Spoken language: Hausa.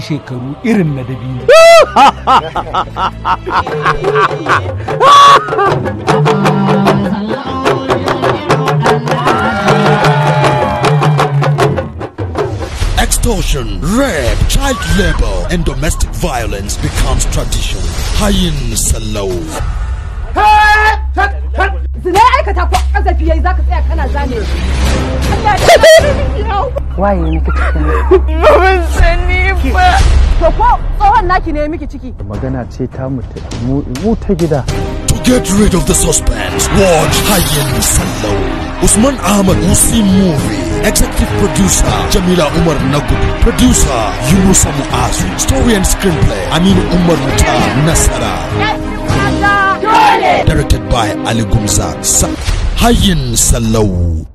shekaru irin na Extortion, rape, child labor, and domestic violence becomes tradition. Hayin Salou. Zinai waye miki cikin ba ban sani ba to ko tsohon naki ne miki ciki magana ce ta mutu mu ta gida to get rid of the suspense watch hayyan sallau usman ahmad Musi movie Executive Producer Jamila Umar Nagudu Producer Yunusa Muazu Story and Screenplay Amin Umar Muta Nasara Directed by Ali Gumza Hayyin Sallau